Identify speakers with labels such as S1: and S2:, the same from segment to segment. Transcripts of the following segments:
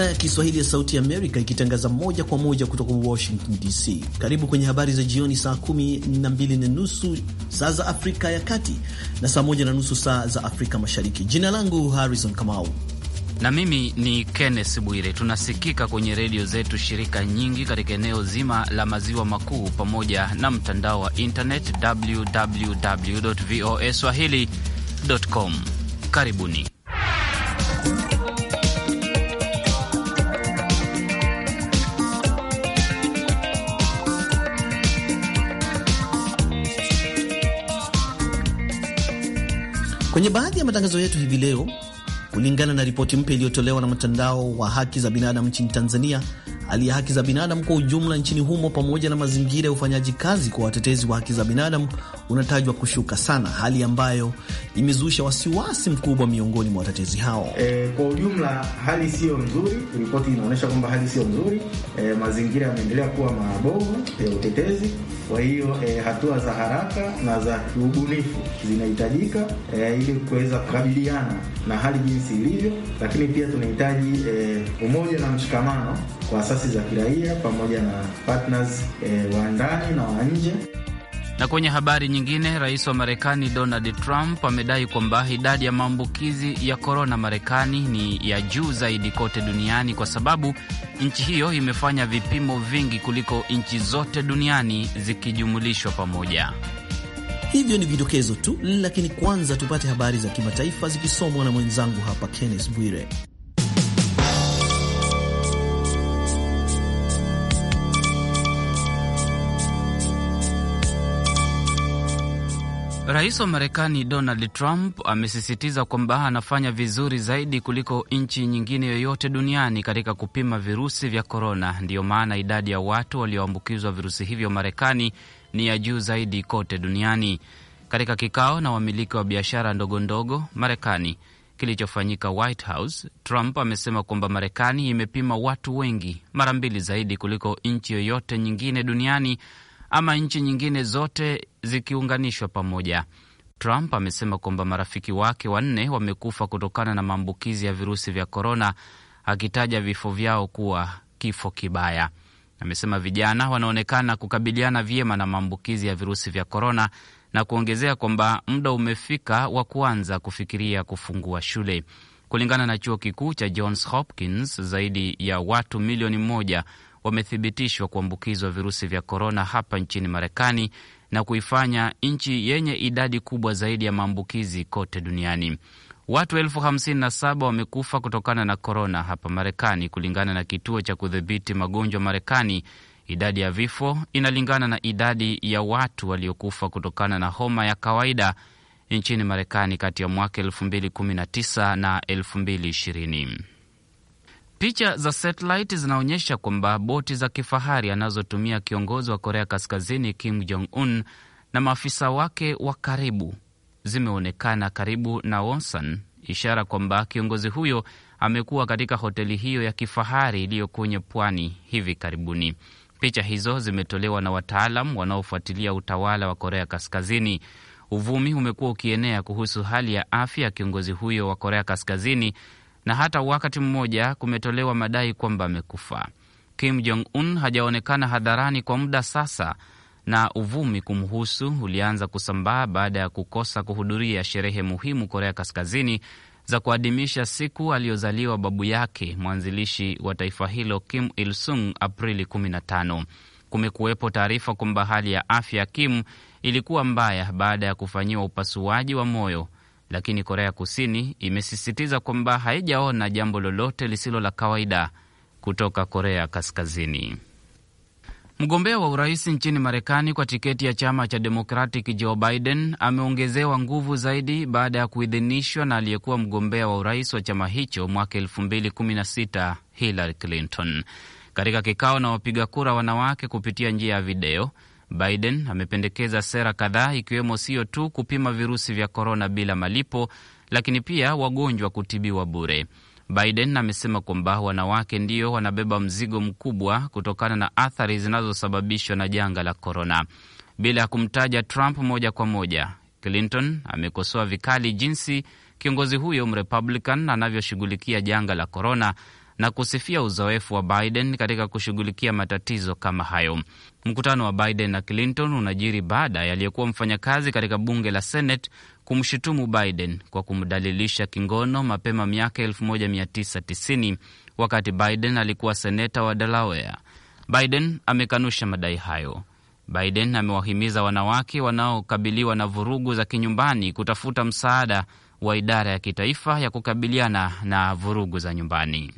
S1: idhaa ya Kiswahili ya Sauti Amerika ikitangaza moja kwa moja kutoka Washington DC. Karibu kwenye habari za jioni, saa kumi na mbili na nusu saa za Afrika ya Kati na saa moja na nusu saa za Afrika Mashariki. Jina langu Harrison Kamau
S2: na mimi ni Kenneth Bwire. Tunasikika kwenye redio zetu shirika nyingi katika eneo zima la maziwa makuu pamoja na mtandao wa internet www voa swahili.com. Karibuni.
S1: kwenye baadhi ya matangazo yetu hivi leo. Kulingana na ripoti mpya iliyotolewa na mtandao wa haki za binadamu nchini Tanzania, hali ya haki za binadamu kwa ujumla nchini humo pamoja na mazingira ya ufanyaji kazi kwa watetezi wa haki za binadamu unatajwa kushuka sana, hali ambayo imezusha wasiwasi mkubwa miongoni mwa watetezi hao.
S3: E, kwa ujumla hali siyo nzuri, ripoti inaonyesha kwamba hali siyo nzuri. E, mazingira yameendelea kuwa mabovu ya utetezi. Kwa hiyo e, hatua za haraka na za kiubunifu zinahitajika e, ili kuweza kukabiliana na hali jinsi ilivyo, lakini pia tunahitaji e, umoja na mshikamano kwa asasi za kiraia pamoja na partners e, wa ndani na wa nje.
S2: Na kwenye habari nyingine, rais wa Marekani Donald Trump amedai kwamba idadi ya maambukizi ya korona Marekani ni ya juu zaidi kote duniani kwa sababu nchi hiyo imefanya vipimo vingi kuliko nchi zote duniani zikijumulishwa pamoja.
S1: Hivyo ni vidokezo tu, lakini kwanza tupate habari za kimataifa zikisomwa na mwenzangu hapa Kenneth Bwire.
S2: Rais wa Marekani Donald Trump amesisitiza kwamba anafanya vizuri zaidi kuliko nchi nyingine yoyote duniani katika kupima virusi vya korona. Ndiyo maana idadi ya watu walioambukizwa virusi hivyo Marekani ni ya juu zaidi kote duniani. Katika kikao na wamiliki wa biashara ndogo ndogo Marekani kilichofanyika White House, Trump amesema kwamba Marekani imepima watu wengi mara mbili zaidi kuliko nchi yoyote nyingine duniani ama nchi nyingine zote zikiunganishwa pamoja. Trump amesema kwamba marafiki wake wanne wamekufa kutokana na maambukizi ya virusi vya korona, akitaja vifo vyao kuwa kifo kibaya. Amesema vijana wanaonekana kukabiliana vyema na maambukizi ya virusi vya korona na kuongezea kwamba muda umefika wa kuanza kufikiria kufungua shule. Kulingana na chuo kikuu cha Johns Hopkins, zaidi ya watu milioni moja wamethibitishwa kuambukizwa virusi vya korona hapa nchini Marekani na kuifanya nchi yenye idadi kubwa zaidi ya maambukizi kote duniani. Watu elfu hamsini na saba wamekufa kutokana na korona hapa Marekani, kulingana na kituo cha kudhibiti magonjwa Marekani. Idadi ya vifo inalingana na idadi ya watu waliokufa kutokana na homa ya kawaida nchini Marekani kati ya mwaka 2019 na 2020. Picha za satellite zinaonyesha kwamba boti za kifahari anazotumia kiongozi wa Korea Kaskazini Kim Jong Un na maafisa wake wa karibu zimeonekana karibu na Wonsan, ishara kwamba kiongozi huyo amekuwa katika hoteli hiyo ya kifahari iliyo kwenye pwani hivi karibuni. Picha hizo zimetolewa na wataalam wanaofuatilia utawala wa Korea Kaskazini. Uvumi umekuwa ukienea kuhusu hali ya afya ya kiongozi huyo wa Korea Kaskazini na hata wakati mmoja kumetolewa madai kwamba amekufa. Kim Jong Un hajaonekana hadharani kwa muda sasa, na uvumi kumhusu ulianza kusambaa baada ya kukosa kuhudhuria sherehe muhimu Korea Kaskazini za kuadhimisha siku aliyozaliwa babu yake mwanzilishi wa taifa hilo Kim Il Sung Aprili 15. Kumekuwepo taarifa kwamba hali ya afya ya Kim ilikuwa mbaya baada ya kufanyiwa upasuaji wa moyo lakini Korea Kusini imesisitiza kwamba haijaona jambo lolote lisilo la kawaida kutoka Korea Kaskazini. Mgombea wa urais nchini Marekani kwa tiketi ya chama cha Democratic Joe Biden ameongezewa nguvu zaidi baada ya kuidhinishwa na aliyekuwa mgombea wa urais wa chama hicho mwaka 2016 Hillary Clinton. Katika kikao na wapiga kura wanawake kupitia njia ya video Biden amependekeza sera kadhaa ikiwemo sio tu kupima virusi vya korona bila malipo, lakini pia wagonjwa kutibiwa bure. Biden amesema kwamba wanawake ndio wanabeba mzigo mkubwa kutokana na athari zinazosababishwa na janga la korona. Bila ya kumtaja Trump moja kwa moja, Clinton amekosoa vikali jinsi kiongozi huyo mrepublican anavyoshughulikia janga la korona na kusifia uzoefu wa Biden katika kushughulikia matatizo kama hayo. Mkutano wa Biden na Clinton unajiri baada ya aliyekuwa mfanyakazi katika bunge la Senate kumshutumu Biden kwa kumdalilisha kingono mapema miaka 1990 wakati Biden alikuwa seneta wa Delaware. Biden amekanusha madai hayo. Biden amewahimiza wanawake wanaokabiliwa na vurugu za kinyumbani kutafuta msaada wa idara ya kitaifa ya kukabiliana na vurugu za nyumbani.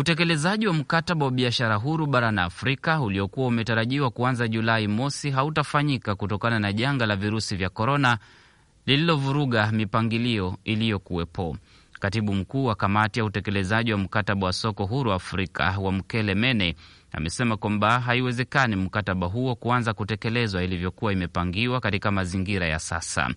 S2: Utekelezaji wa mkataba wa biashara huru barani Afrika uliokuwa umetarajiwa kuanza Julai mosi hautafanyika kutokana na janga la virusi vya korona lililovuruga mipangilio iliyokuwepo. Katibu mkuu wa kamati ya utekelezaji wa mkataba wa soko huru Afrika wa Mkele Mene amesema kwamba haiwezekani mkataba huo kuanza kutekelezwa ilivyokuwa imepangiwa katika mazingira ya sasa.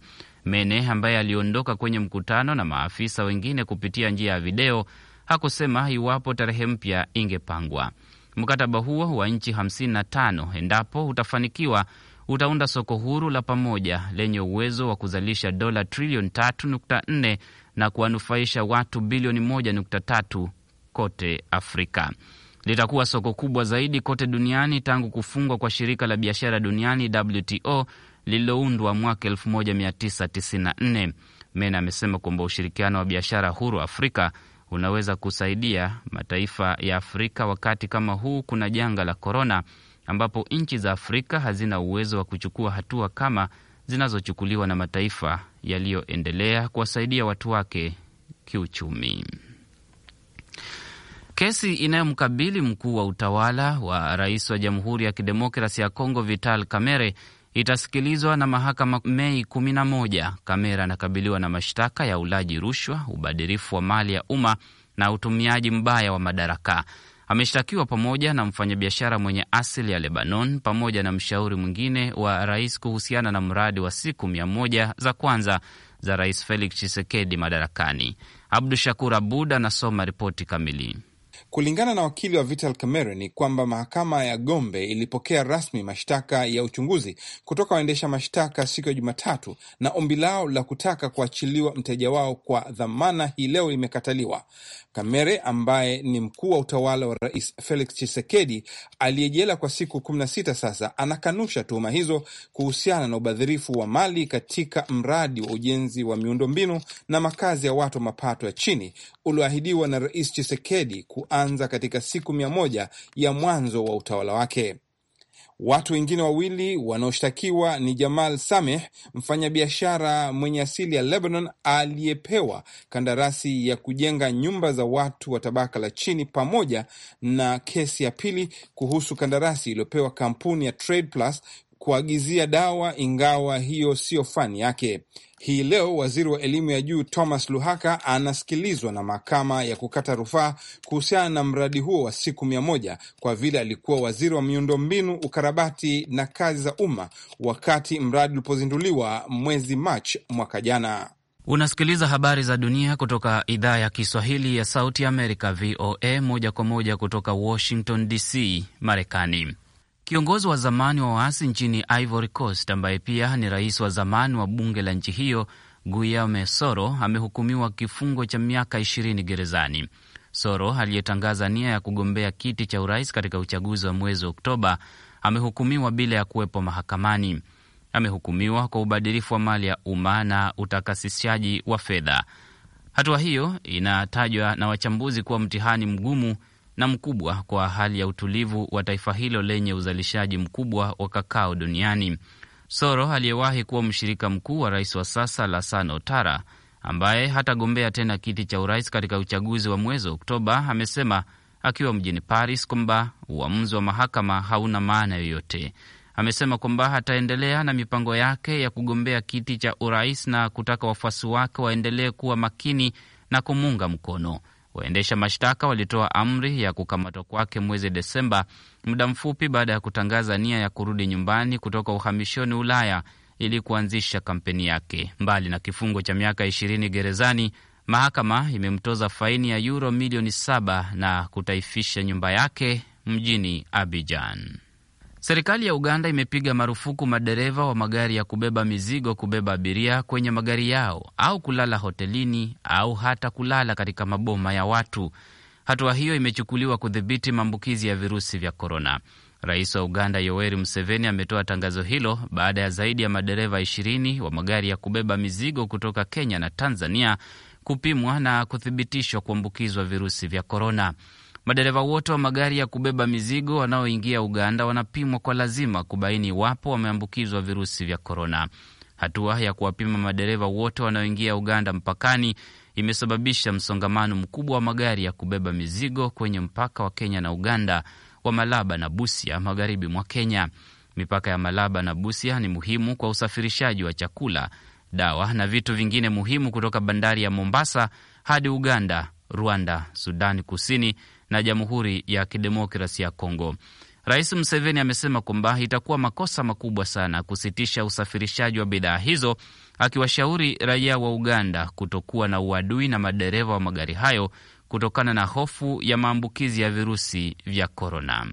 S2: Mene ambaye aliondoka kwenye mkutano na maafisa wengine kupitia njia ya video hakusema iwapo tarehe mpya ingepangwa. Mkataba huo wa nchi 55 endapo utafanikiwa, utaunda soko huru la pamoja lenye uwezo wa kuzalisha dola trilioni 3.4 na kuwanufaisha watu bilioni 1.3 kote Afrika. Litakuwa soko kubwa zaidi kote duniani tangu kufungwa kwa shirika la biashara duniani WTO lililoundwa mwaka 1994. Mena amesema kwamba ushirikiano wa biashara huru Afrika unaweza kusaidia mataifa ya Afrika wakati kama huu kuna janga la korona, ambapo nchi za Afrika hazina uwezo wa kuchukua hatua kama zinazochukuliwa na mataifa yaliyoendelea kuwasaidia watu wake kiuchumi. Kesi inayomkabili mkuu wa utawala wa rais wa Jamhuri ya Kidemokrasi ya Kongo Vital Kamerhe itasikilizwa na mahakama Mei 11. Kamera anakabiliwa na mashtaka ya ulaji rushwa, ubadirifu wa mali ya umma na utumiaji mbaya wa madaraka. Ameshtakiwa pamoja na mfanyabiashara mwenye asili ya Lebanon pamoja na mshauri mwingine wa rais kuhusiana na mradi wa siku mia moja za kwanza za Rais Felix Tshisekedi madarakani. Abdu Shakur Abud anasoma ripoti kamili.
S4: Kulingana na wakili wa Vital Kamerhe ni kwamba mahakama ya Gombe ilipokea rasmi mashtaka ya uchunguzi kutoka waendesha mashtaka siku ya Jumatatu, na ombi lao la kutaka kuachiliwa mteja wao kwa dhamana hii leo limekataliwa. Kamere ambaye ni mkuu wa utawala wa Rais Felix chisekedi aliyejela kwa siku kumi na sita sasa, anakanusha tuhuma hizo kuhusiana na ubadhirifu wa mali katika mradi wa ujenzi wa miundombinu na makazi ya watu wa mapato ya chini ulioahidiwa na Rais Chisekedi ku kuanza katika siku mia moja ya mwanzo wa utawala wake. Watu wengine wawili wanaoshtakiwa ni Jamal Sameh, mfanyabiashara mwenye asili ya Lebanon aliyepewa kandarasi ya kujenga nyumba za watu wa tabaka la chini, pamoja na kesi ya pili kuhusu kandarasi iliyopewa kampuni ya Trade Plus kuagizia dawa, ingawa hiyo siyo fani yake. Hii leo waziri wa elimu ya juu Thomas Luhaka anasikilizwa na mahakama ya kukata rufaa kuhusiana na mradi huo wa siku mia moja kwa vile alikuwa waziri wa miundombinu, ukarabati na kazi za umma wakati mradi ulipozinduliwa mwezi Machi mwaka
S2: jana. Unasikiliza habari za dunia kutoka idhaa ya Kiswahili ya Sauti Amerika, VOA, moja kwa moja kutoka Washington DC, Marekani. Kiongozi wa zamani wa waasi nchini Ivory Coast ambaye pia ni rais wa zamani wa bunge la nchi hiyo Guillaume Soro amehukumiwa kifungo cha miaka ishirini gerezani. Soro aliyetangaza nia ya kugombea kiti cha urais katika uchaguzi wa mwezi Oktoba amehukumiwa bila ya kuwepo mahakamani. Amehukumiwa kwa ubadilifu wa mali ya umma na utakasishaji wa fedha. Hatua hiyo inatajwa na wachambuzi kuwa mtihani mgumu na mkubwa kwa hali ya utulivu wa taifa hilo lenye uzalishaji mkubwa wa kakao duniani. Soro aliyewahi kuwa mshirika mkuu wa rais wa sasa Lassane Ouattara, ambaye hatagombea tena kiti cha urais katika uchaguzi wa mwezi wa Oktoba, amesema akiwa mjini Paris kwamba uamuzi wa mahakama hauna maana yoyote. Amesema kwamba ataendelea na mipango yake ya kugombea kiti cha urais na kutaka wafuasi wake waendelee kuwa makini na kumuunga mkono. Waendesha mashtaka walitoa amri ya kukamatwa kwake mwezi Desemba, muda mfupi baada ya kutangaza nia ya kurudi nyumbani kutoka uhamishoni Ulaya ili kuanzisha kampeni yake. Mbali na kifungo cha miaka ishirini gerezani, mahakama imemtoza faini ya yuro milioni saba na kutaifisha nyumba yake mjini Abidjan. Serikali ya Uganda imepiga marufuku madereva wa magari ya kubeba mizigo kubeba abiria kwenye magari yao au kulala hotelini au hata kulala katika maboma ya watu. Hatua hiyo imechukuliwa kudhibiti maambukizi ya virusi vya korona. Rais wa Uganda Yoweri Museveni ametoa tangazo hilo baada ya zaidi ya madereva ishirini wa magari ya kubeba mizigo kutoka Kenya na Tanzania kupimwa na kuthibitishwa kuambukizwa virusi vya korona. Madereva wote wa magari ya kubeba mizigo wanaoingia Uganda wanapimwa kwa lazima kubaini iwapo wameambukizwa virusi vya korona. Hatua ya kuwapima madereva wote wanaoingia Uganda mpakani imesababisha msongamano mkubwa wa magari ya kubeba mizigo kwenye mpaka wa Kenya na Uganda wa Malaba na Busia, magharibi mwa Kenya. Mipaka ya Malaba na Busia ni muhimu kwa usafirishaji wa chakula, dawa na vitu vingine muhimu kutoka bandari ya Mombasa hadi Uganda, Rwanda, Sudani Kusini na Jamhuri ya Kidemokrasi ya Kongo. Rais Museveni amesema kwamba itakuwa makosa makubwa sana kusitisha usafirishaji wa bidhaa hizo, akiwashauri raia wa Uganda kutokuwa na uadui na madereva wa magari hayo kutokana na hofu ya maambukizi ya virusi vya korona.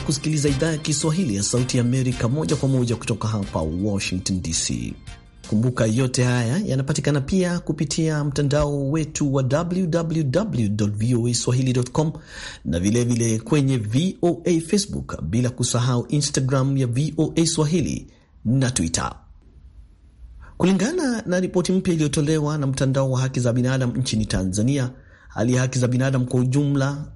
S1: kusikiliza idhaa ya Kiswahili ya Sauti ya Amerika moja kwa moja kutoka hapa Washington DC. Kumbuka yote haya yanapatikana pia kupitia mtandao wetu wa www.voaswahili.com na vilevile vile kwenye VOA Facebook, bila kusahau Instagram ya VOA Swahili na Twitter. Kulingana na ripoti mpya iliyotolewa na mtandao wa haki za binadamu nchini Tanzania, hali ya haki za binadamu kwa ujumla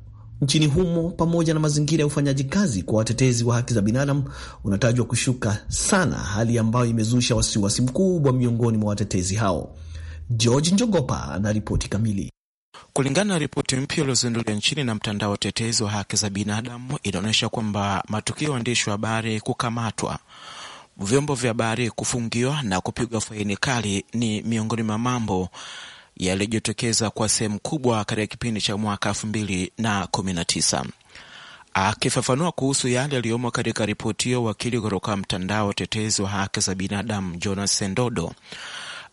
S1: nchini humo pamoja na mazingira ya ufanyaji kazi kwa watetezi wa haki za binadamu unatajwa kushuka sana, hali ambayo imezusha wasiwasi mkubwa miongoni mwa watetezi hao. George
S5: Njogopa ana ripoti kamili. Kulingana na ripoti mpya iliyozinduliwa nchini na mtandao wa utetezi wa haki za binadamu, inaonyesha kwamba matukio ya waandishi wa habari kukamatwa, vyombo vya habari kufungiwa na kupigwa faini kali ni miongoni mwa mambo yaliyojitokeza kwa sehemu kubwa katika kipindi cha mwaka na na kumi tisa Akifafanua kuhusu yale yaliyomo katika ripoti hiyo, wakili kutoka mtandao tetezi wa haki za binadamu Jonas Sendodo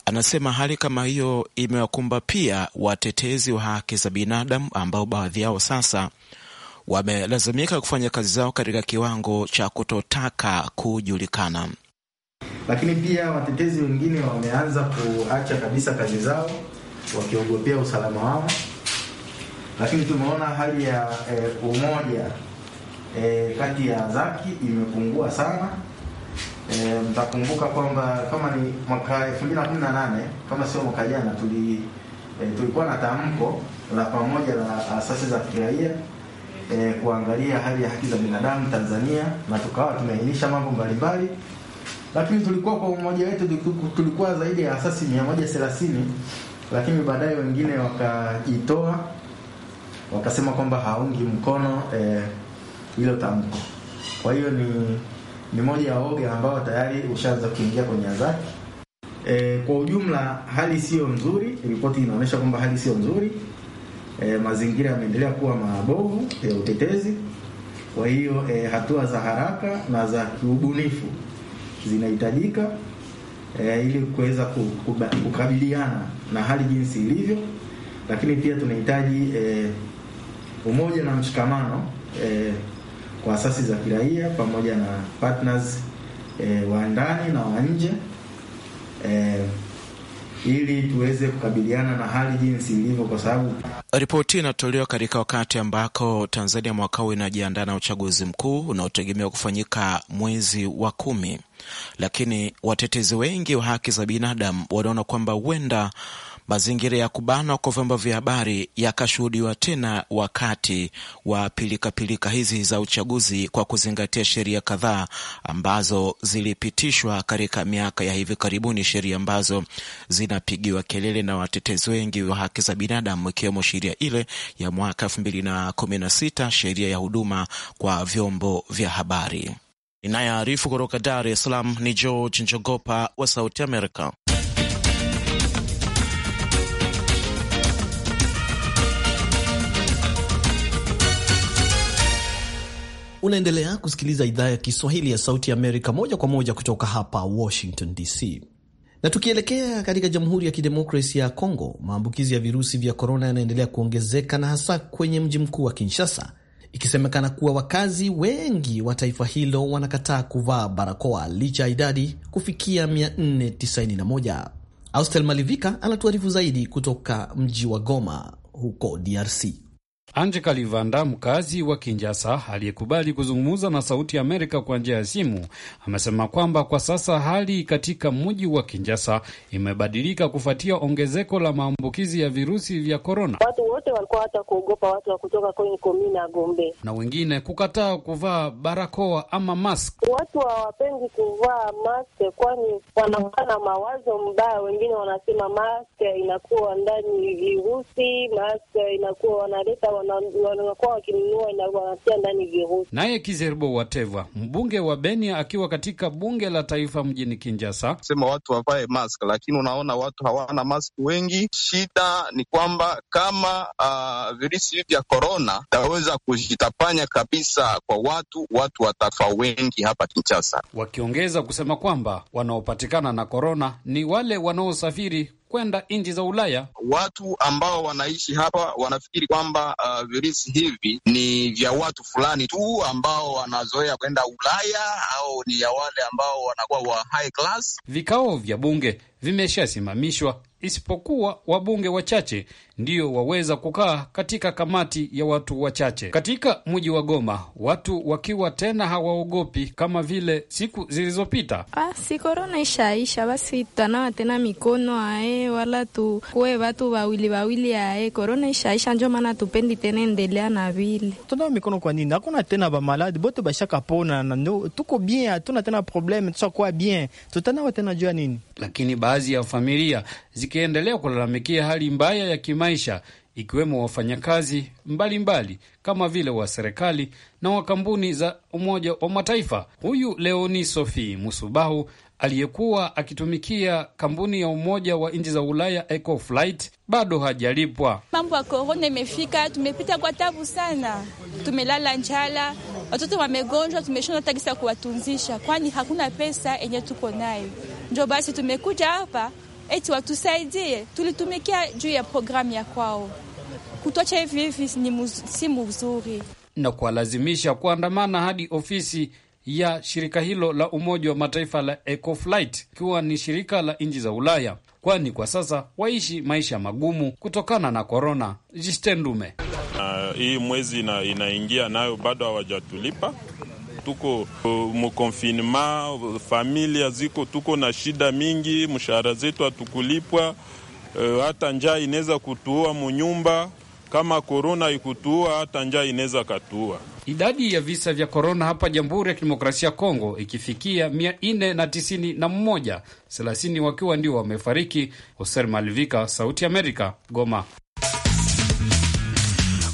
S5: anasema hali kama hiyo imewakumba pia watetezi wa haki za binadamu ambao baadhi yao sasa wamelazimika kufanya kazi zao katika kiwango cha kutotaka kujulikana.
S3: Lakini pia watetezi wengine wameanza kuacha kabisa kazi zao wakiogopea usalama wao, lakini tumeona hali ya e, umoja e, kati ya zaki imepungua sana. E, mtakumbuka kwamba kama ni mwaka 2018 kama sio mwaka jana, tuli e, tulikuwa na tamko la pamoja la asasi za kiraia e, kuangalia hali ya haki za binadamu Tanzania, na tukawa tumeainisha mambo mbalimbali, lakini tulikuwa kwa umoja wetu tulikuwa zaidi ya asasi 130 lakini baadaye wengine wakajitoa wakasema kwamba haungi mkono eh, hilo eh, tamko. Kwa hiyo ni, ni moja ya oge ambao tayari ushaanza kuingia kwenye azaki. E, eh, kwa ujumla hali siyo nzuri. Ripoti inaonyesha kwamba hali sio nzuri e, mazingira yameendelea kuwa mabovu ya e, utetezi. Kwa hiyo e, hatua za haraka na za kiubunifu zinahitajika e, ili kuweza kukabiliana na hali jinsi ilivyo, lakini pia tunahitaji e, umoja na mshikamano e, kwa asasi za kiraia pamoja na partners e, wa ndani na wa nje e, ili tuweze kukabiliana na hali jinsi ilivyo kwa sababu
S5: Ripoti inatolewa katika wakati ambako Tanzania mwaka huu inajiandaa na uchaguzi mkuu unaotegemewa kufanyika mwezi wa kumi, lakini watetezi wengi wa haki za binadamu wanaona kwamba huenda mazingira ya kubanwa kwa vyombo vya habari yakashuhudiwa tena wakati wa pilikapilika pilika hizi za uchaguzi, kwa kuzingatia sheria kadhaa ambazo zilipitishwa katika miaka ya hivi karibuni, sheria ambazo zinapigiwa kelele na watetezi wengi wa haki za binadamu ikiwemo sheria ile ya mwaka elfu mbili na kumi na sita, sheria ya huduma kwa vyombo vya habari. Inayoarifu kutoka Dar es Salaam ni George Njogopa wa Sauti Amerika.
S1: Unaendelea kusikiliza idhaa ya Kiswahili ya Sauti ya Amerika moja kwa moja kutoka hapa Washington DC. Na tukielekea katika Jamhuri ya Kidemokrasia ya Kongo, maambukizi ya virusi vya korona yanaendelea kuongezeka na hasa kwenye mji mkuu wa Kinshasa, ikisemekana kuwa wakazi wengi wa taifa hilo wanakataa kuvaa barakoa licha ya idadi kufikia 491. Austel Malivika anatuarifu zaidi kutoka mji wa Goma huko DRC.
S6: Anje Kalivanda, mkazi wa Kinjasa aliyekubali kuzungumza na Sauti ya Amerika kwa njia ya simu, amesema kwamba kwa sasa hali katika mji wa Kinjasa imebadilika kufuatia ongezeko la maambukizi ya virusi vya korona.
S7: Watu wote walikuwa hata kuogopa watu wa kutoka kwenye komina Gombe
S6: na wengine kukataa kuvaa barakoa ama mask. Watu hawapendi kuvaa
S7: mask, kwani wanakuwa na mawazo mbaya. Wengine wanasema mask inakuwa ndani virusi, mask inakuwa wanaleta wanakuwa wakinunua na
S6: wanatia ndani virusi. Naye Kizerbo Wateva, mbunge wa Beni, akiwa katika bunge la taifa mjini Kinjasa, sema watu wavae mask, lakini unaona watu hawana mask wengi.
S4: Shida ni kwamba kama uh, virusi hivi vya korona itaweza kujitapanya kabisa kwa watu, watu watafa wengi hapa Kinshasa,
S6: wakiongeza kusema kwamba wanaopatikana na korona ni wale wanaosafiri kwenda nchi za Ulaya.
S4: Watu ambao wanaishi hapa wanafikiri kwamba uh, virusi hivi ni vya watu
S6: fulani tu ambao wanazoea kwenda Ulaya au ni ya wale ambao wanakuwa wa high class. Vikao vya bunge vimeshasimamishwa isipokuwa wabunge wachache ndio waweza kukaa katika kamati ya watu wachache katika mji wa Goma, watu wakiwa tena hawaogopi kama vile siku zilizopita.
S8: basi ah, si korona ishaisha, basi tutanawa tena mikono ae, wala tukuwe watu wawili wawili ae. Korona ishaisha, njo maana tupendi tena endelea na vile tunawa mikono.
S3: Kwa nini? Hakuna tena bamaladi bote bashakapona, tuko bien, hatuna tena probleme, tushakuwa
S6: bien, tutanawa tena jua nini? lakini baadhi ya familia zikiendelea kulalamikia hali mbaya ya kimaisha ikiwemo wafanyakazi mbalimbali kama vile wa serikali na wa kampuni za Umoja wa Mataifa. Huyu Leoni Sofi Musubahu aliyekuwa akitumikia kampuni ya Umoja wa Nchi za Ulaya Ecoflight bado hajalipwa.
S8: Mambo ya korona imefika, tumepita kwa tabu sana, tumelala njala, watoto wamegonjwa, tumeshona tagisa kuwatunzisha, kwani hakuna pesa yenye tuko nayo. njo basi tumekuja hapa eti watusaidie, tulitumikia juu ya programu ya kwao, kutocha hivi hivi si mzuri,
S6: na kuwalazimisha kuandamana hadi ofisi ya shirika hilo la Umoja wa Mataifa la Ecoflight, ikiwa ni shirika la nchi za Ulaya, kwani kwa sasa waishi maisha magumu kutokana na korona. Jistendume
S5: uh, hii mwezi ina, inaingia nayo bado hawajatulipa tuko uh, mukonfinema, familia ziko, tuko na shida mingi, mshahara zetu hatukulipwa. uh, hata njaa inaweza kutuua munyumba. Kama korona ikutuua, hata njaa inaweza katuua
S6: idadi ya visa vya korona hapa Jamhuri ya Kidemokrasia ya Kongo ikifikia mia nne na tisini na mmoja, thelathini wakiwa ndio wamefariki. Hoser Malivika, Sauti Amerika, Goma.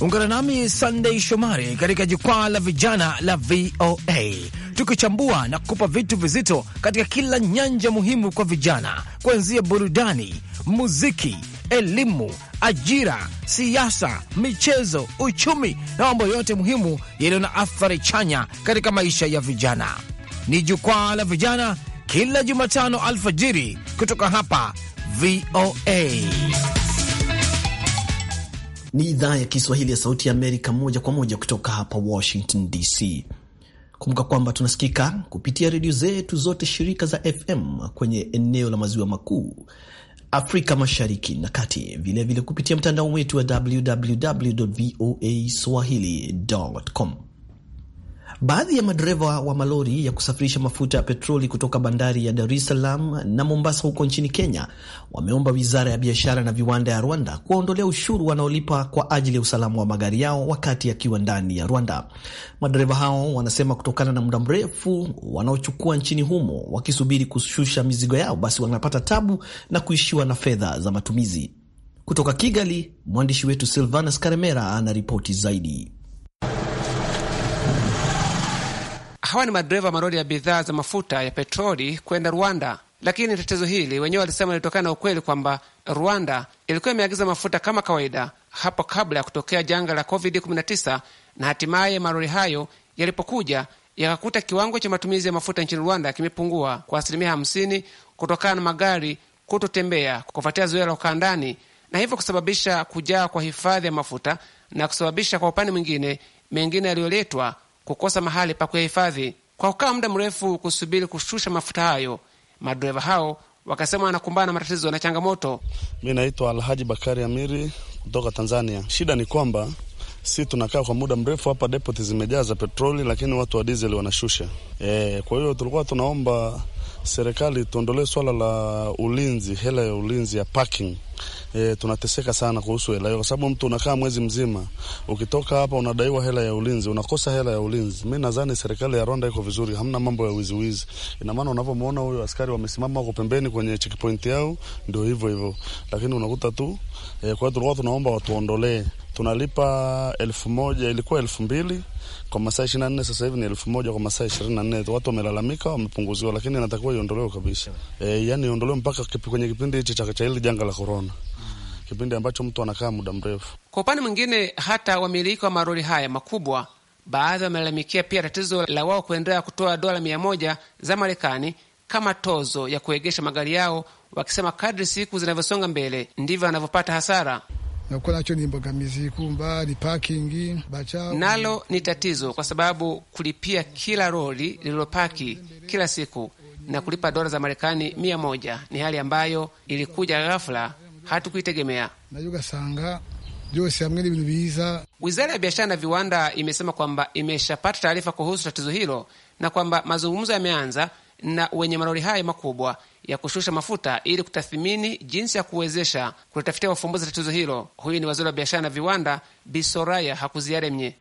S6: Ungana nami Sunday Shomari
S5: katika jukwaa la vijana la VOA tukichambua na kupa vitu vizito katika kila nyanja muhimu kwa vijana, kuanzia burudani, muziki elimu, ajira, siasa, michezo, uchumi na mambo yote muhimu yaliyo na athari chanya katika maisha ya vijana. Ni jukwaa la vijana kila Jumatano alfajiri kutoka hapa VOA.
S1: Ni idhaa ya Kiswahili ya Sauti ya Amerika, moja kwa moja kutoka hapa Washington DC. Kumbuka kwamba tunasikika kupitia redio zetu zote shirika za FM kwenye eneo la maziwa makuu Afrika Mashariki na Kati, vilevile vile kupitia mtandao wetu wa www voa swahilicom Baadhi ya madereva wa malori ya kusafirisha mafuta ya petroli kutoka bandari ya Dar es Salaam na Mombasa huko nchini Kenya wameomba wizara ya biashara na viwanda ya Rwanda kuwaondolea ushuru wanaolipa kwa ajili ya usalama wa magari yao wakati yakiwa ndani ya Rwanda. Madereva hao wanasema kutokana na muda mrefu wanaochukua nchini humo wakisubiri kushusha mizigo yao, basi wanapata tabu na kuishiwa na fedha za matumizi. Kutoka Kigali, mwandishi wetu Silvanus Karemera ana ripoti zaidi.
S9: hawa ni madereva malori ya bidhaa za mafuta ya petroli kwenda Rwanda. Lakini tatizo hili wenyewe walisema lilitokana na ukweli kwamba Rwanda ilikuwa imeagiza mafuta kama kawaida hapo kabla ya kutokea janga la COVID-19 na hatimaye malori hayo yalipokuja yakakuta kiwango cha matumizi ya mafuta nchini Rwanda kimepungua kwa asilimia 50 kutokana na magari kutotembea kufuatia zoea la kukaa ndani, na hivyo kusababisha kujaa kwa hifadhi ya mafuta na kusababisha kwa upande mwingine mengine yaliyoletwa kukosa mahali pa kuyahifadhi kwa kukaa muda mrefu kusubiri kushusha mafuta hayo. Madereva hao wakasema wanakumbana na matatizo na changamoto. Mi naitwa Alhaji Bakari
S6: Amiri kutoka Tanzania. Shida ni kwamba si tunakaa kwa muda mrefu hapa, depoti zimejaa za petroli, lakini watu wa dizeli wanashusha. E, kwa hiyo tulikuwa tunaomba serikali tuondolee swala la ulinzi, hela ya ulinzi ya parking. E, tunateseka sana kuhusu hela hiyo, kwa sababu mtu unakaa mwezi mzima, ukitoka hapa unadaiwa hela ya ulinzi, unakosa hela ya ulinzi. Mi nadhani serikali ya Rwanda iko vizuri, hamna mambo ya wiziwizi. Ina maana unavyomwona huyo askari wamesimama huko pembeni kwenye checkpoint yao, ndio hivyo hivyo, lakini unakuta tu e, kwa hiyo tulikuwa tunaomba watuondolee tunalipa elfu moja ilikuwa elfu mbili kwa masaa ishirini na nne sasa hivi ni elfu moja kwa masaa ishirini na nne Watu wamelalamika, wamepunguziwa, lakini inatakiwa iondolewe kabisa. E, yani iondolewe mpaka kipi kwenye kipindi hichi cha hili janga la korona, mm. kipindi ambacho mtu anakaa muda mrefu.
S9: Kwa upande mwingine, hata wamiliki wa maroli haya makubwa, baadhi wamelalamikia pia tatizo la wao kuendelea kutoa dola mia moja za Marekani kama tozo ya kuegesha magari yao, wakisema kadri siku zinavyosonga mbele ndivyo anavyopata hasara
S2: nakuwa nacho ni mbogamizi kumba ni parking bacha. Nalo
S9: ni tatizo kwa sababu kulipia kila roli lililopaki kila siku na kulipa dola za Marekani mia moja ni hali ambayo ilikuja ghafula, hatukuitegemea. Wizara ya Biashara na Viwanda imesema kwamba imeshapata taarifa kuhusu tatizo hilo na kwamba mazungumzo yameanza na wenye malori haya makubwa ya kushusha mafuta ili kutathimini jinsi ya kuwezesha kulitafutia ufumbuzi tatizo hilo. Huyu ni waziri wa biashara na viwanda bisoraya Hakuziaremye.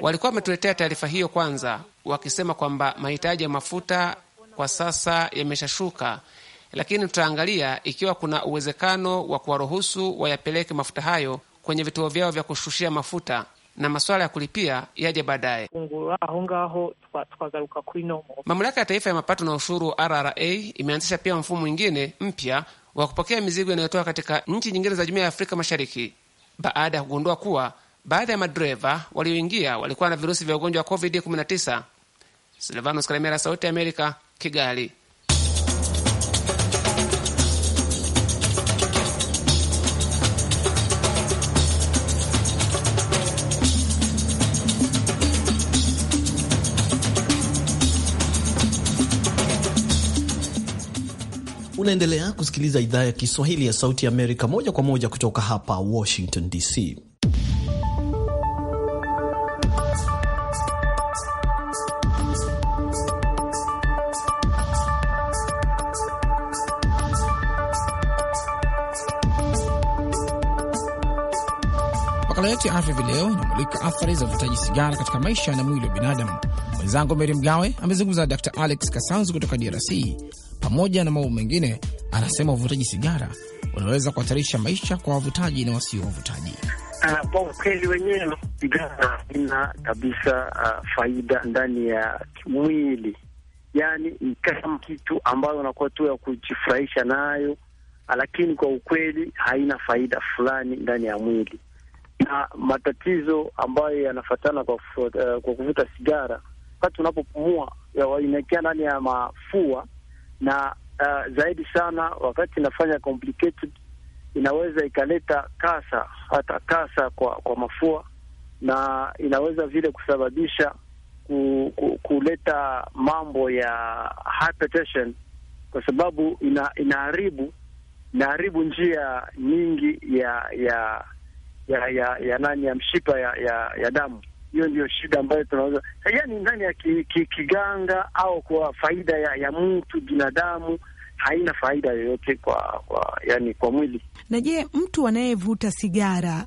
S9: Walikuwa wametuletea taarifa hiyo kwanza, wakisema kwamba mahitaji ya mafuta kwa sasa yameshashuka, lakini tutaangalia ikiwa kuna uwezekano wa kuwaruhusu wayapeleke mafuta hayo kwenye vituo vyao vya kushushia mafuta na masuala ya kulipia yaje baadaye. Mamlaka ya Taifa ya Mapato na Ushuru RRA imeanzisha pia mfumo mwingine mpya wa kupokea mizigo inayotoka katika nchi nyingine za Jumuiya ya Afrika Mashariki baada ya kugundua kuwa baadhi ya madereva walioingia walikuwa na virusi vya ugonjwa wa COVID-19. Silvanos Kalemera, Sauti ya Amerika, Kigali.
S1: Unaendelea kusikiliza idhaa ya Kiswahili ya Sauti ya Amerika moja kwa moja kutoka hapa Washington DC.
S5: Makala yetu ya afya vileo inamulika athari za uvutaji sigara katika maisha na mwili wa binadamu. Mwenzangu Meri Mgawe amezungumza na Dr Alex Kasanzu kutoka DRC pamoja na mambo mengine. Anasema uvutaji sigara unaweza kuhatarisha maisha kwa wavutaji na wasio wavutaji.
S7: Ah, kwa ukweli wenyewe sigara haina kabisa uh, faida ndani ya mwili, yani ni kama kitu ambayo unakuwa tu ya kujifurahisha nayo, lakini kwa ukweli haina faida fulani ndani ya mwili, na matatizo ambayo yanafatana kwa, uh, kwa kuvuta sigara, wakati unapopumua inaingia ndani ya mafua na uh, zaidi sana wakati inafanya complicated inaweza ikaleta kasa, hata kasa kwa kwa mafua, na inaweza vile kusababisha ku, ku, kuleta mambo ya hypertension, kwa sababu ina, inaharibu inaharibu njia nyingi ya ya ya ya, ya nani ya mshipa ya, ya, ya damu hiyo ndio shida ambayo tunaweza yaani, ndani ya ki, ki, kiganga au kwa faida ya, ya mtu binadamu haina faida yoyote kwa, kwa yani kwa mwili.
S8: Na je, mtu anayevuta sigara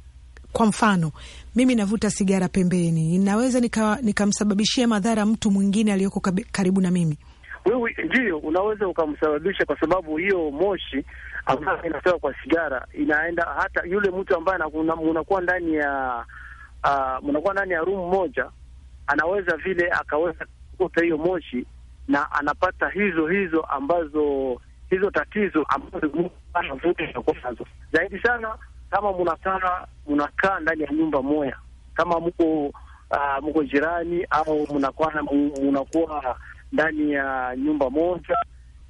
S8: kwa mfano mimi navuta sigara pembeni, inaweza nikamsababishia nika madhara mtu mwingine aliyoko karibu na mimi?
S7: Wewe ndiyo unaweza ukamsababisha, kwa sababu hiyo moshi ambayo inatoka kwa sigara inaenda hata yule mtu ambaye unakuwa ndani ya uh, mnakuwa ndani ya room moja, anaweza vile akaweza kukuta hiyo moshi na anapata hizo hizo ambazo hizo tatizo ambazo nazo zaidi sana, kama mnakaa mnakaa ndani ya nyumba moja, kama mko uh, mko jirani au mnakuwa mnakuwa ndani ya nyumba moja,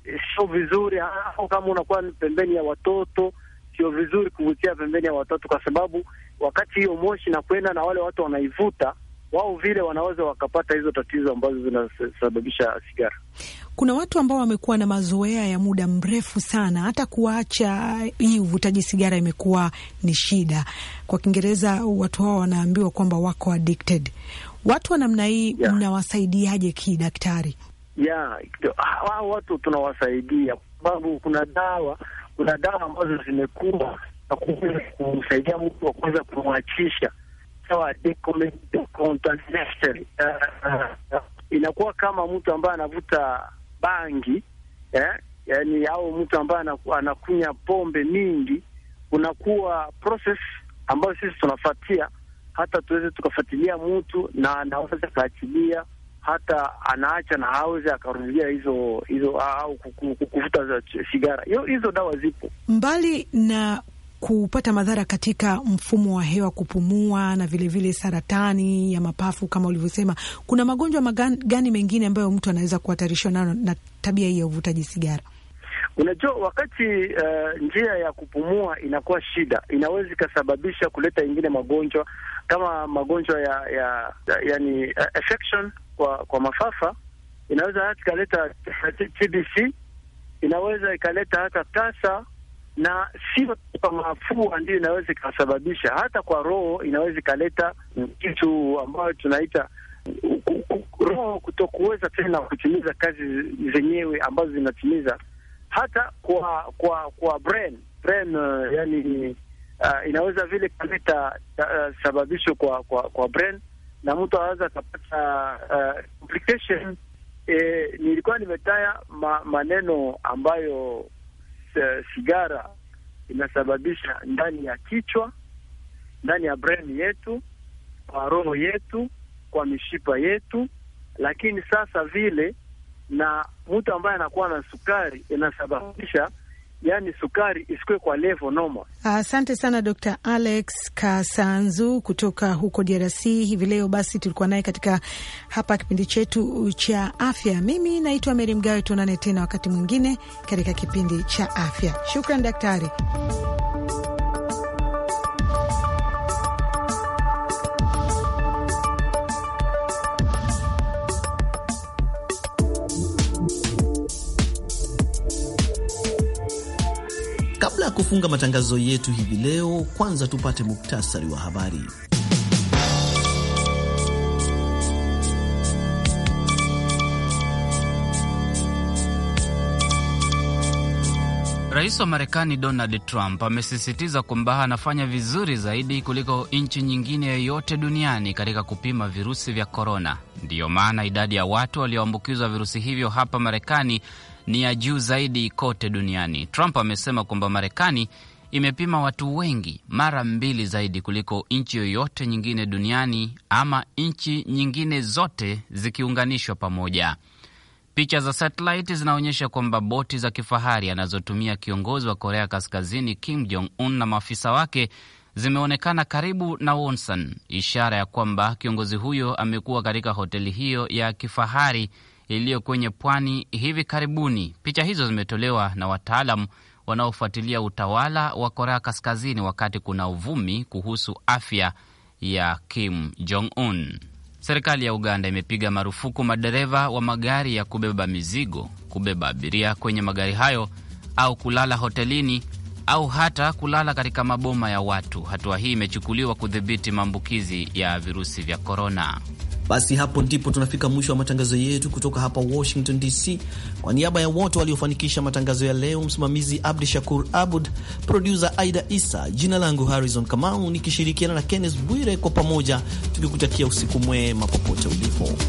S7: eh, sio vizuri, ah, au kama unakuwa pembeni ya watoto sio vizuri kuvutia pembeni ya watoto, kwa sababu wakati hiyo moshi na kwenda na wale watu wanaivuta wao vile wanaweza wakapata hizo tatizo ambazo zinasababisha sigara.
S8: Kuna watu ambao wamekuwa na mazoea ya muda mrefu sana, hata kuacha hii uvutaji sigara imekuwa ni shida. Kwa Kiingereza watu hao wanaambiwa kwamba wako addicted. Watu wa namna hii yeah, mnawasaidiaje kidaktari?
S7: Yeah, hao watu tunawasaidia kwa sababu kuna dawa kuna dawa ambazo zimekuwa na kumsaidia mtu wa kuweza kumwachisha sawa, eh, inakuwa kama mtu ambaye anavuta bangi eh, yani au mtu ambaye anakunya pombe mingi, kunakuwa process ambayo sisi tunafuatia hata tuweze tukafuatilia mtu na anaweza kaachilia hata anaacha na hawezi akarudia hizo hizo au kuvuta za sigara. Hiyo hizo
S8: dawa zipo, mbali na kupata madhara katika mfumo wa hewa, kupumua na vilevile vile saratani ya mapafu kama ulivyosema. Kuna magonjwa magani mengine ambayo mtu anaweza kuhatarishwa nayo na tabia hii ya uvutaji sigara? Unajua, wakati
S7: uh, njia ya kupumua inakuwa shida, inaweza ikasababisha kuleta ingine magonjwa kama magonjwa ya, ya, ya, yani, uh, kwa kwa mafafa inaweza hata ikaleta TBC, inaweza ikaleta hata tasa, na sio kwa mafua ndio inaweza ikasababisha, hata kwa roho inaweza ikaleta kitu ambayo tunaita roho kutokuweza tena kutimiza kazi zenyewe ambazo zinatimiza, hata kwa kwa kwa brain brain, uh, yani uh, inaweza vile kaleta uh, sababisho kwa kwa kwa brain na mtu anaweza akapata uh, complication. E, nilikuwa nimetaya ma, maneno ambayo se, uh, sigara inasababisha ndani ya kichwa, ndani ya brain yetu, kwa roho yetu, kwa mishipa yetu, lakini sasa vile na mtu ambaye anakuwa na sukari inasababisha yani sukari isikuwe kwa levo noma
S8: Asante sana Dr. Alex Kasanzu kutoka huko DRC. Hivi leo basi tulikuwa naye katika hapa kipindi chetu cha afya. Mimi naitwa Meri Mgawe, tuonane tena wakati mwingine katika kipindi cha afya. Shukran daktari.
S1: kufunga matangazo yetu hivi leo, kwanza tupate muktasari wa habari.
S2: Rais wa Marekani Donald Trump amesisitiza kwamba anafanya vizuri zaidi kuliko nchi nyingine yoyote duniani katika kupima virusi vya korona. Ndiyo maana idadi ya watu walioambukizwa virusi hivyo hapa Marekani ni ya juu zaidi kote duniani. Trump amesema kwamba Marekani imepima watu wengi mara mbili zaidi kuliko nchi yoyote nyingine duniani ama nchi nyingine zote zikiunganishwa pamoja. Picha za satelaiti zinaonyesha kwamba boti za kifahari anazotumia kiongozi wa Korea Kaskazini Kim Jong Un na maafisa wake zimeonekana karibu na Wonsan, ishara ya kwamba kiongozi huyo amekuwa katika hoteli hiyo ya kifahari iliyo kwenye pwani hivi karibuni. Picha hizo zimetolewa na wataalam wanaofuatilia utawala wa Korea Kaskazini wakati kuna uvumi kuhusu afya ya Kim Jong Un. Serikali ya Uganda imepiga marufuku madereva wa magari ya kubeba mizigo kubeba abiria kwenye magari hayo au kulala hotelini au hata kulala katika maboma ya watu. Hatua hii imechukuliwa kudhibiti maambukizi ya virusi vya korona.
S1: Basi hapo ndipo tunafika mwisho wa matangazo yetu kutoka hapa Washington DC. Kwa niaba ya wote waliofanikisha matangazo ya leo, msimamizi Abdi Shakur Abud, produsa Aida Isa, jina langu Harrison Kamau nikishirikiana na Kenneth Bwire, kwa pamoja tukikutakia usiku mwema popote ulipo.